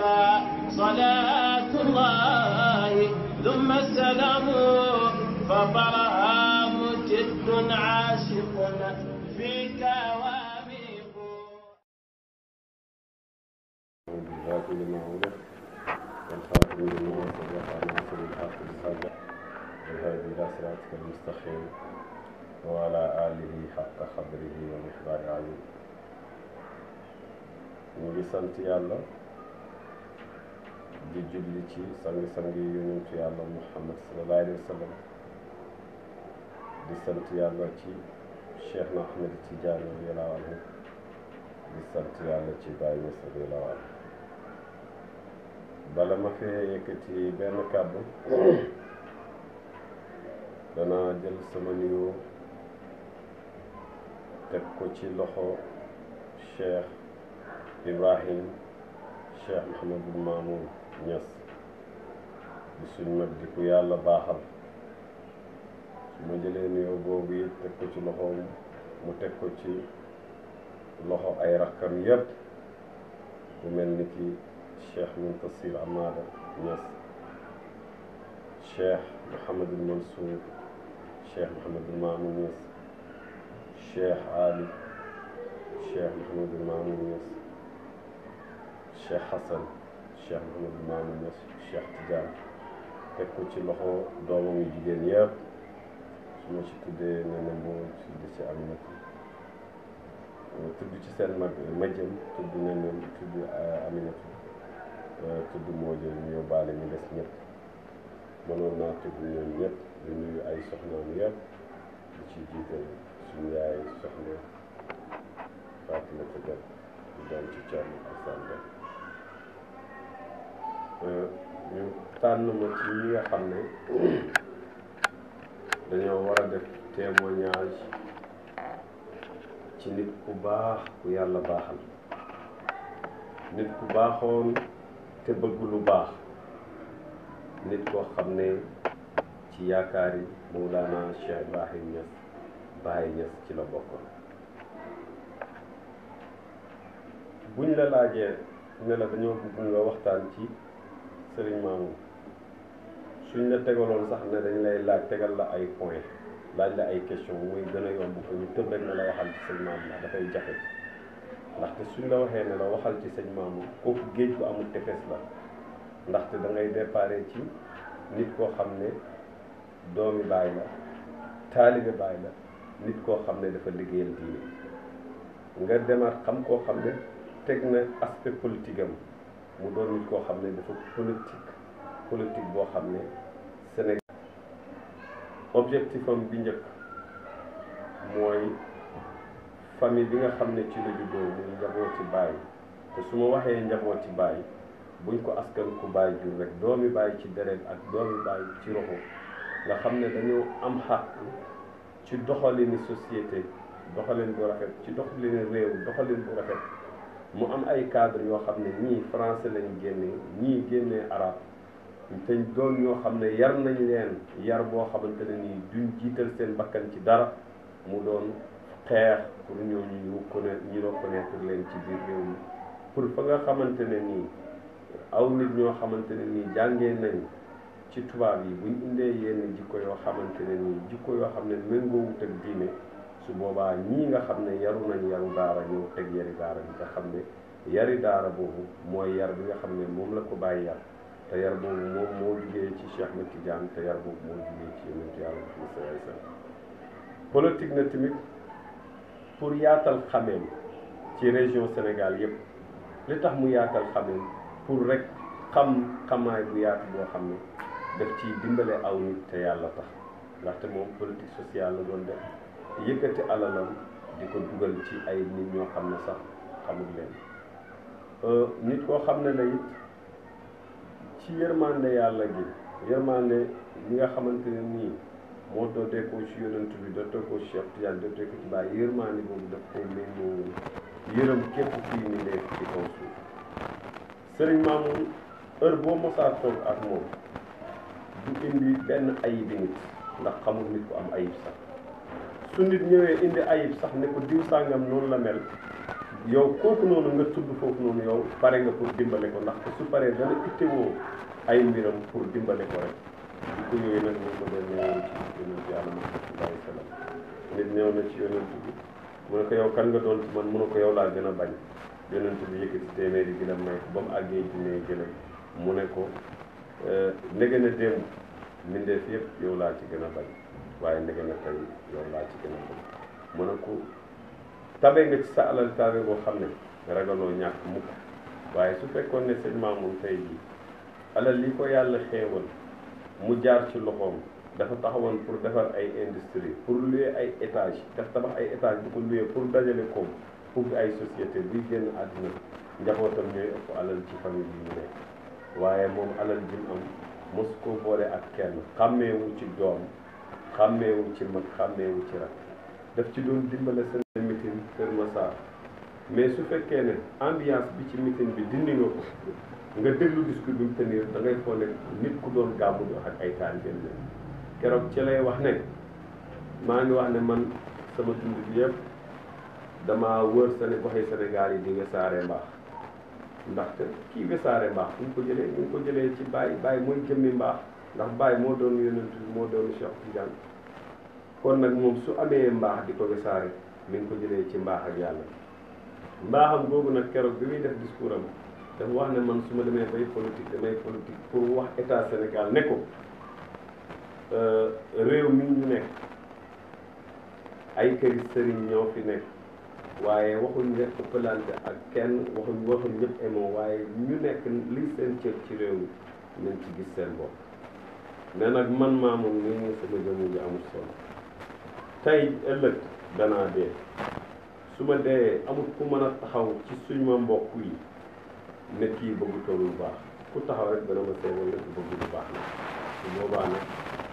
عليك صلاة الله ثم السلام فطرها مجد عاشق فيك واميق بالله لما ولد والخاتم لما وصل وناصر الحق بالصدق والهادي الى صراطك المستقيم وعلى آله حق قدره ومقداره العظيم ñu ngi sant yàlla di julli ci sangi-sangi yonentu yàlla muhammad sallallahu alayhi wa sallam di sant yàlla ci cheikh na ahmed tidiane radiyallahu anhu di sant yàlla ci bàyyi ñas radiyallahu anhu bala ma fee yëkkati benn kàddu danaa jël sama nuyoo teg ko ci loxo cheikh ibrahim cheikh mahamadul maamoun ñes di suñ mag di ku yàlla baaxal su ma jëlee nuyoo boobu it teg ko ci loxoom mu teg ko ci loxo ay rakkam yépp ku mel ni ki cheikh Muntasir Amada Ñas cheikh Mouhamadul Mansour cheikh Mouhamadul Mamoun Ñas cheikh Ali cheikh Mouhamadul Mamoun Ñas cheikh Hassan cheikh Mouhamadou Mamoune Niass cheikh Tidiane teg ko ci loxo doomam yu jigéen yëpp su ma ci tuddee ne ne moo euh, tudd ci seen tudd ne euh, euh, jël ñu yóbbaale ñu des ñëpp mënoon naa tudd ñoom ñëpp di nuyu ay soxnaam yëpp di ci jiital suñu yaay soxna Fatou Ndiaye di ci Thierno Alassane Euh, ñu tànn ma ci ñi nga xam ne dañoo war a def témoignage ci nit ku baax ku yàlla baaxal nit ku baaxoon te bëgg lu baax nit koo xam ne ci yaakaar yi Mawlana Cheikh Ibrahim Niass Baye Niass ci la bokkoon buñ la laajee ne la dañoo bëgg nga waxtaan ci sëriñ Mamoun suñ la tegaloon sax ne dañ lay laaj tegal la ay point laaj la ay question muy gën a yomb ko ñu tëb rek ne la waxal ci sëñ Mamoun ndax dafay jafe ndaxte suñ la waxee ne la waxal ci sëñ Mamoun kooku géej bu amul tefes la ndaxte da ngay ci nit koo xam ne doomi baay la taalibe baay la nit koo xam ne dafa liggéeyal diine nga demaat xam koo xam ne teg na aspect politique am mu doon nit koo xam ne dafa politique politique boo xam ne Sénégal objectif bi njëkk mooy famille bi nga xam ne ci la juddoo muy njaboot ci baay te su ma waxee njaboot ci baay buñ ko askan ku baay jur rek doomi baay ci deret ak doomi baay ci roxo nga xam ne dañu am xàq ci doxalini société doxalin bu rafet ci doxalini réew doxalin bu rafet mu am ay cadre yoo xam ne ñii français lañ génne ñii génnee arabe te doon ñoo xam ne yar nañ leen yar boo xamante ne nii duñ jiital seen bakkan ci dara mu doon xeex pour ñooñu ñu connaître ñu reconnaître leen ci biir réew mi pour fa nga xamante ne nii aw nit ñoo xamante ne nii jànge nañ ci tubaab yi buñ indee yenn jikko yoo xamante ne nii jikko yoo xam ne méngoowut ak diine su boobaa ñii nga xam ne yaru nañ yaru daara ñëw teg yari daara bi nga xam ne yari daara boobu mooy yar bi nga xam ne moom la ko bàyyi yar te yar boobu moom moo jugee ci Cheikh Ahmed Tidiane te yar boobu moo jugee ci yonentu yàlla Muhammad sallallahu alayhi wasallam politique na tamit pour yaatal xameem ci région Sénégal yëpp li tax mu yaatal xameem pour rek xam xamaay bu yaatu boo xam ne daf ci dimbale aw nit te yàlla tax ndaxte moom politique sociale la doon def yëkkati alalam di ko dugal ci ay nit ñoo xam ne sax xamul leen euh, nit koo xam ne la it ci yërmande yàlla gi yërmande ñi nga xamante ne nii moo dootee ko ci yonent bi dootee ko Cheikh Tidiane dootee ko ci bàyyi yërmande boobu daf koy méngoo yërëm képp kuy ni nekk ci kaw suuf sëriñ Mamoun heure boo mosaa toog ak moom du indi benn ayib nit ndax xamul nit ku am ayib sax su nit ñëwee indi ayib sax ne ko diw sàngam noonu la mel yow kooku noonu nga tudd foofu noonu yow pare nga pour dimbale ko ndax su paree dana ittewoo ay mbiram pour dimbale ko rek ko yooyu nag ci wa sallam mu ne ko yow kan nga doon ci man ne ko yow laa gën a bañ yonent bi yëkkati téeméeri gën a may ko ba mu àggee junni gën a mu ne ko eh, ndege na démb mbindeef yëpp yow laa ci gën a bañ waaye ndege na tey loolu laa ci gën a bëgg mu ko tabe nga ci sa alal tabe boo xam ne ragaloo ñàkk mukk waaye su fekkoon ne seen maamu tey jii alal li ko yàlla xeewal mu jaar ci loxoom dafa taxawoon pour defar ay industrie pour louer ay étage daf tabax ay étage bu ko louer pour dajale koom pour ay société bi génn àddina njabootam ñooy ëpp alal ci famille yi mu nekk waaye moom alal ji mu am mosu ko boole ak kenn xàmmeewu ci doom xàmmeewu ci mag xàmmeewu ci rak daf ci doon dimbale seen mitin Kër Massar mais su fekkee ne ambiance bi ci mitin bi dindi ko nga déglu discours bi mu tenir da ngay foog ne nit ku doon gàmmu di ak ay taalibeem la keroog ci lay wax ne maa ngi wax ne man sama dund bi yëpp damaa wër sene goxi yi di wesaare mbaax ndaxte kii wesaare mbaax bu ñu ko jëlee bu ñu ko jëlee ci bàyyi bàyyi mooy jëmmi mbaax ndax Baye moo doon yonent bi moo doon Cheikh Tidiane kon nag moom su amee mbaax di ko wesaare mi ngi ko jëlee ci mbaax ak yàlla mbaaxam googu nag keroog bi muy def discours am dafa wax ne man su ma demee bay politique damay politique pour wax état Sénégal ne ko euh, réew mi nekk ay këri sëriñ ñoo fi nekk waaye waxuñ rek ëppalante ak kenn waxuñ waxuñ ñëpp émo waaye ñu nekk li seen cër ci réew mi nañ ci gis seen bopp ne nag man maamu nii sama jëmm ji amul solo tey ëllëg danaa dee su ma dee amul ku mën a taxaw ci suñ ma mbokk yi ne yi bëggu lu baax ku taxaw rek dana ma seewal ne ku baax la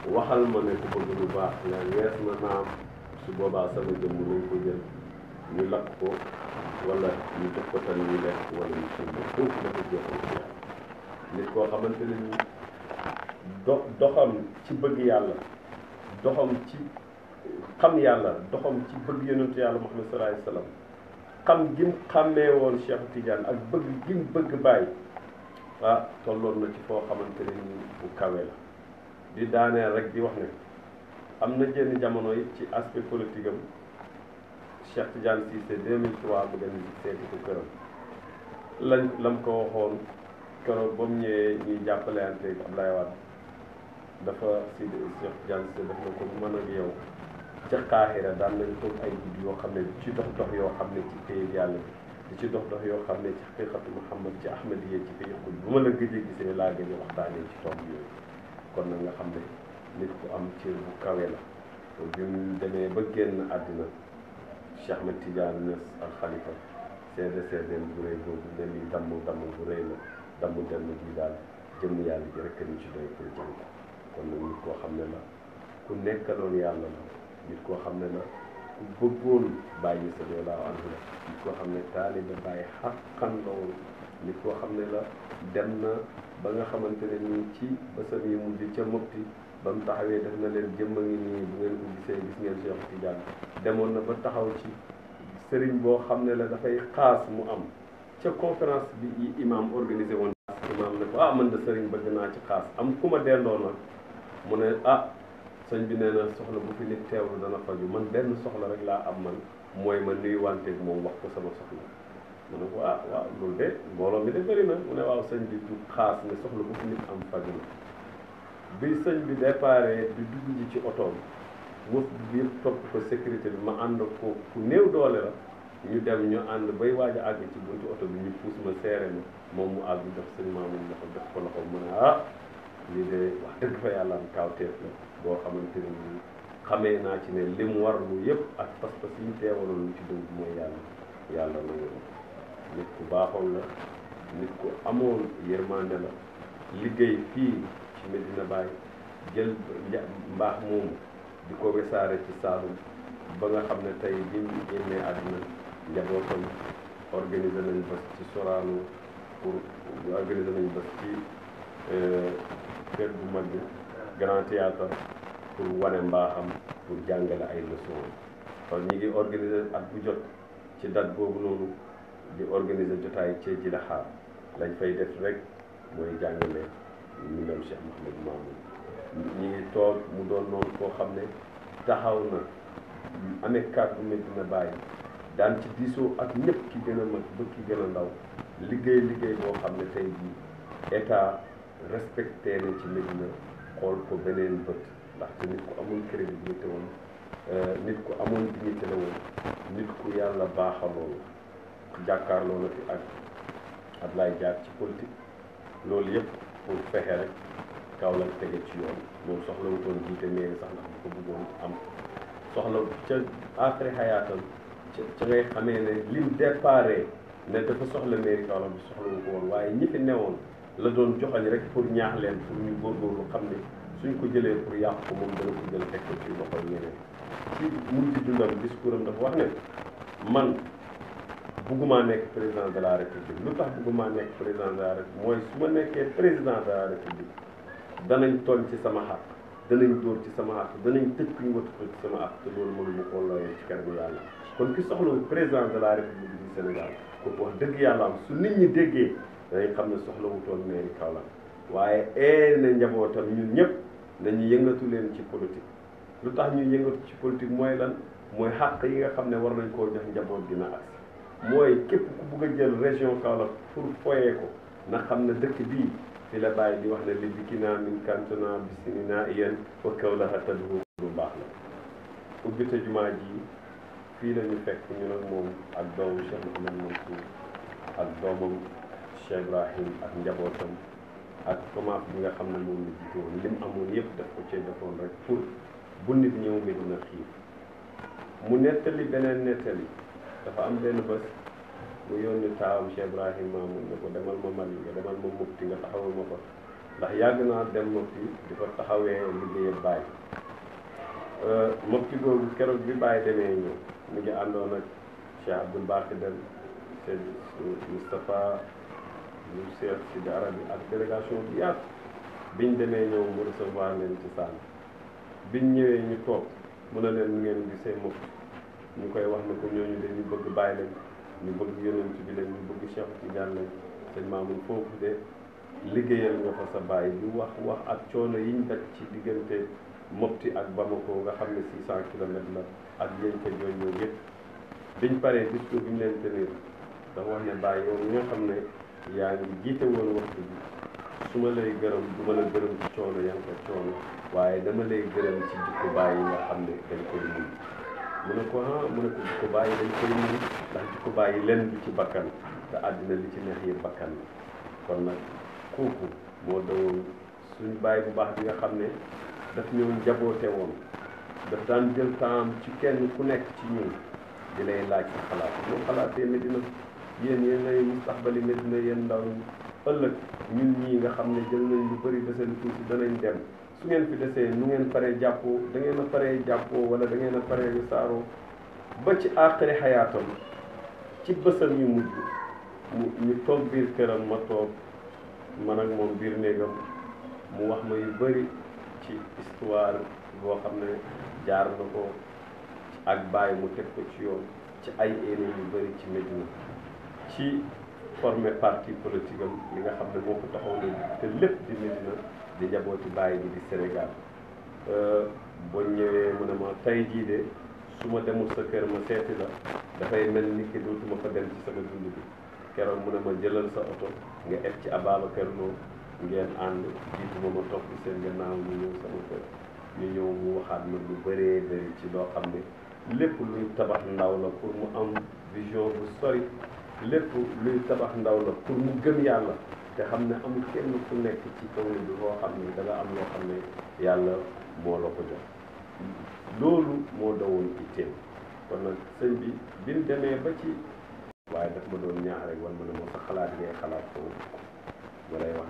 su waxal ma ne baax na naam su boobaa sama jëmm nañ ko jël ñu lakk ko wala ñu jox ko tan ñu lekk wala ñu sumb foofu la ko joxoon yàlla nit koo xamante ne do doxam ci bëgg yàlla doxam ci xam yàlla doxam ci bëgg yonentu yàlla Muhammad sallallahu alayhi wasallam xam gim xàmmee woon Cheikh Tidiane ak bëgg gim bëgg bàyyi ah tolloon na ci foo xamante ne ni bu kawe la di daaneel rek di wax ne am na jenn jamono yi ci aspect politique am Cheikh Tidiane Cissé 2003 bu dem seeti ko këram lañ lam ko waxoon keroog ba mu ñëwee ñuy jàppaleante ak Abdoulaye Wade dafa si Cheikh Tidiane Cissé def na ko mën ak yow ca Qahira daan nañ toog ay guddi yoo xam ne di ci dox dox yoo xam ne ci pays yàlla di ci dox dox yoo xam ne ci xaqiqatu Muhammad ci Ahmadiya ci pays xul bu ma la gëjee gisee laa gën a waxtaanee ci tomb yooyu kon nag nga xam ne nit ku am ci bu kawe la demee ba génn àddina Cheikh Ahmed Tidiane Niass al Khalifa seede bu rëy boobu ne lii damm damm bu rëy la damm dem gi daal jëmm yàlla ji rek ñu ci doy pour jàng kon nit koo xam ne la ku nekkaloon yàlla la nit koo xam ne la ku bëggoon bàyyi sa radiyallaahu anhu la nit koo xam ne taaliba bàyyi xaqan la nit koo xam ne la dem na ba nga xamante ne nii ci bësam yi mujj ca mopti ba mu taxawee daf na leen jëmm a ngi nii bu ngeen ko gisee gis ngeen Cheikh Tidiane demoon na ba taxaw ci sëriñ boo xam ne la dafay xaas mu am ca conférence bi imam organisé woon imam ne ko ah man de sëriñ bëgg naa ci xaas am ku ma mu ne ah sëñ bi ne na soxla bu fi nit teewlu dana faju man benn soxla rek laa am man mooy ma nuyuwanteeg moom wax ko sama soxla mu ko ah mbooloo mi de bëri na mu ne waaw du xaas ne soxla bu fi nit am faju na bi sëñ bi déparé di dugg ji ci otoom mos bi topp ko sécurité bi ma ànd ko ku néew doole la ñu dem ñu ànd bay waaj a àgg ci buntu oto bi ñu puus ma seere ma moom mu àgg jox sëñ maamu loxo jox ko loxo mu ne ah lii de wax dëgg yàlla am kaawteef la boo xamante ne nii xamee naa ci ne li mu war lu yëpp ak pas-pas yi ñu teewaloon lu ci dëgg mooy yàlla yàlla nangu nit ku baaxoon la nit ku amoon yërmande la liggéey fii ci Medina Baye jël mbaax moomu di ko wesaare ci Saalum ba nga xam ne tey bi mu génnee àdduna njabootam organiser ci Sorano pour organiser nañ bés ci euh, kër bu mag grand théâtre pour wane mbaaxam pour jàngale ay leçon kon ñu ngi organiser ak bu jot ci date boobu noonu di organiser jotaay ci Jilaxaar lañ fay def rek mooy jàngale ñu dem Cheikh ngi toog mu doon noonu koo xam ne taxaw na amee kàddu Medina Baye daan ci diisoo ak ñëpp ki gën a mag ba ki gën a ndaw liggéey liggéey boo xam ne tey jii état respecté na ci Médina xool ko beneen bët ndaxte nit ku amul crédibilité woon euh, nit ko amoon dignité la woon nit ku yàlla baaxaloon jàkkaarloo na fi ak Ablaye jaar ci politique loolu yëpp pour fexe rek kaw Kaolack tege ci yoon loolu soxla wutoon jiite mairie sax na bu ko bëggoon am soxla ca après xayaatam ca ca ngay xamee ne lim déparé ne dafa soxla mairie Kaolack bi soxla wu ko waaye ñi fi woon la doon joxañ rek pour ñaax leen pour ñu góorgóorlu xam ne suñ ko jëlee pour yàq ko moom dana ko jël teg ko ci loxol ñeneen ci mun ci dundam discours am dafa wax ne man bëggumaa nekk président de lu tax bëggumaa nekk président mooy su ma nekkee président de danañ tooñ ci sama xaq danañ dóor ci sama danañ tëj kuñ wattuko sama xaq ma koo looyee ci kanamu yàlla président de yàlla nit ñi déggee danañ xam ne soxlawutoon mairie Kaolack waaye ee na njabootam ñun ñëpp nañu yëngatu leen ci politique lu tax ñu yëngatu ci politique mooy lan mooy xàq yi nga xam ne war nañ koo jox njaboot gi na agsi mooy képp ku bugg a jël région Kaolack pour foyee ko na xam ne dëkk bii fi la bàyyi di wax ne li ki naa min kantona bisini naa yéen fa kaw la xattaduu lu baax la ubbite jumaa ji fii lañu ñu fekk ñu nag moom ak doomu Cheikh Mouhamed Mansour ak doomam Cheikh Ibrahim ak njabootam ak commence bi nga xam ne moom la jiite lim amoon yëpp def ko cee defoon rek pour bu nit ñëw mi dina xiif mu nettali beneen nettali dafa am benn bés mu yónni taawam Cheikh Ibrahim mun ne ko demal ma Mali nga demal ma mukti nga taxawal ma ko ndax yàgg naa dem mukti di fa taxawee liggéey baay euh, mukti googu keroog bi baay demee ñëw mu ngi àndoon ak Cheikh Abdoul Baqi dem Cheikh Moustapha ñu seet si daara bi ak délégation bi yaatu biñ demee ñëw mu recevoir leen ci saal biñ ñëwee ñu toog mu ne leen nu ngeen gisee moom ñu koy wax ne ko ñoo ñu dañu bëgg bàyyi leen ñu bëgg yonent bi leen ñu bëgg Cheikh Tidiane leen sëñ Mamoune foofu de liggéeyal nga fa sa baay di wax wax ak coono yiñ daj ci diggante Mopti ak ko nga xam ne 600 kilomètres la ak yéen ko ñooñ ñëw yëpp biñ paree discours bi mu leen tenir dafa wax ne bàyyi yow xam ne yaa ngi jiite woon waxtu bi su ma lay gërëm du ma la gërëm ci coono yaa ngi ko coono waaye dama lay gërëm ci jikko bàyyi nga xam ne dañ koy mun mu ne ko ah mu ne ko jikko bàyyi dañ koy mun ndax jikko bàyyi lenn bi ci bakkan te àddina li ci neex yëpp bakkan la kon nag kooku moo doon suñu bàyyi bu baax bi nga xam ne daf ñëw njaboote woon daf daan jël temps ci kenn ku nekk ci ñun di lay laaj sa xalaat moo xalaatee ne yéen yéen lay mustaxbali nit la yéen ndaw ñi ëllëg ñun ñii nga xam ne jël nañ lu bari de seen tuuti danañ dem su ngeen fi desee nu ngeen paree jàppoo dangeen ngeen a paree jàppoo wala dangeen ngeen a paree wisaaroo ba ci àqari xayaatam ci bësam yu mujj ñu toog biir këram ma toog man ak moom biir néegam mu wax ma yu bari ci histoire boo xam ne jaar la ko ak bàyyi mu teg ko ci yoon ci ay éene yu bari ci Medina ci former parti politique am li nga xam ne moo ko taxaw te lépp di Medina di njabooti bàyyi bi di Sénégal euh, boo ñëwee mu ne ma tey jii de su ma demul sa kër ma seeti la dafay mel ni ki dootuma fa dem ci sama dund bi keroog mu ne ma jëlal sa oto nga eb ci Ababacar Lo ngeen ànd jiitu ma ma topp seen gannaaw ñu ñëw sama kër ñu ñëw mu waxaat ma lu bëree bëri ci loo xam ne lépp luy tabax ndaw la pour mu am vision bu sori lépp luy tabax ndaw la pour mu gën yàlla te xam ne amul kenn ku nekk ci kaw bi loo xam ne da nga am loo xam ne yàlla moo la ko loolu moo dawoon itteem kon nag sëñ bi biñ demee ba ci waaye daf ma doon ñaax rek wan ma ne moo xalaat ngay xalaat foofu ma wax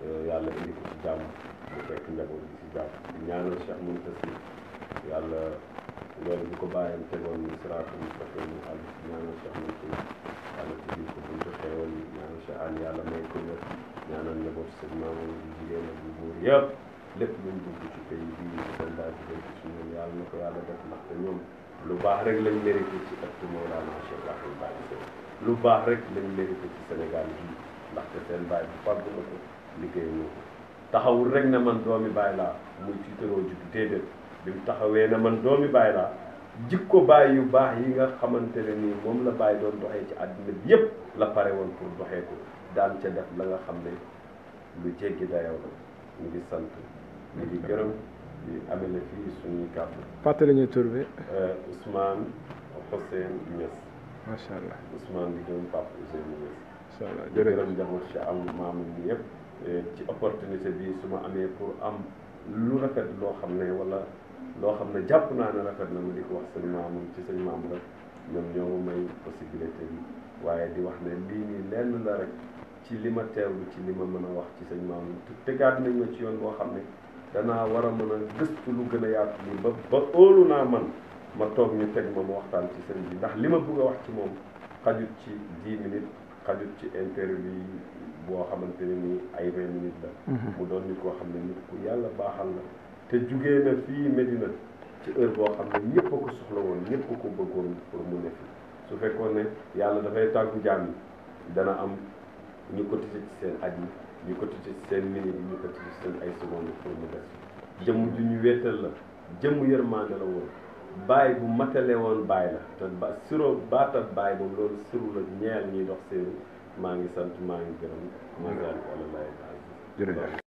euh, yàlla indi ko ci jàmm mu fekk njaboot ci jàmm di ñaanal Cheikh Mountassi yàlla loolu bu ko bàyyam tegoon ni siraatu mustaqim mu àll si ñaanal Cheikh Moussa yàlla tijjil ko buntu xéewal ñaanal Cheikh Aliou yàlla may ko wér ñaanal njaboot sëñ maama yi di jigéen ak bu buur yëpp lépp luñ dugg ci pays bii di seen daal di dégg ci ñoom yàlla na ko yàlla def ndaxte ñoom lu baax rek lañ mérité ci ëttu Mawlana Cheikh Ibrahim Baye lu baax rek lañ mérité ci Sénégal gii ndaxte seen baay bu fàggu na ko liggéey na ko taxawul rek ne man doomi baay laa muy tiitaroo juddu déedéet bi mu taxawee na man doomi baay laa jikko bàyyi yu baax yi nga xamante ne nii moom la baay doon doxee ci àddina bi yëpp la pare woon pour doxee ko daan ca def la nga xam ne lu jéggi dayaw la ñu ngi sant ñu ngi gërëm di amele fii suñuy kàddu fàttali ñu tur bi euh, Ousmane Hussein Niass macha allah Ousmane di doon Pape Ousseynou Niass macha allah jërëjëf si am maamu yëpp ci opportunité bi su ma amee pour am lu rafet loo xam ne walla loo xam ne jàpp naa ne rafet na mu di ko wax sëñ maamu ci sëñ maam la ñoom ñoo ma may possibilité bi waaye di wax ne lii nii lenn la rek ci li ma teewlu ci li ma mën a wax ci sañ maamu te tegaat nañ ma ci yoon boo xam ne danaa war a mën a gëstu lu gën a yaatu nii ba ba óolu naa man ma toog ñu teg ma ma waxtaan ci sëñ bi ndax li ma bugg a wax ci moom xajut ci 10 minutes xajut ci interview boo xamante ne nii ay 20 minutes la mm-hmm. mu doon nit koo xam ne nit yàlla baaxal la te jugee na fii Medina ci heure boo xam ne ñëpp a ko soxla woon ñëpp a ko bëggoon pour mu ne fii su fekkoon ne yàlla dafay tàggu jaam yi dana am ñu cotisé ci seen at yi ñu cotisé ci seen minute yi ñu cotisé ci seen ay seconde pour mu des jëmm ju ñu wéetal la jëmm yërmaande la woon baay bu matale woon baay la te ba suro baata baay boobu loolu suru la ñeel ñuy dox séeru maa ngi sant maa ngi gërëm maa ngi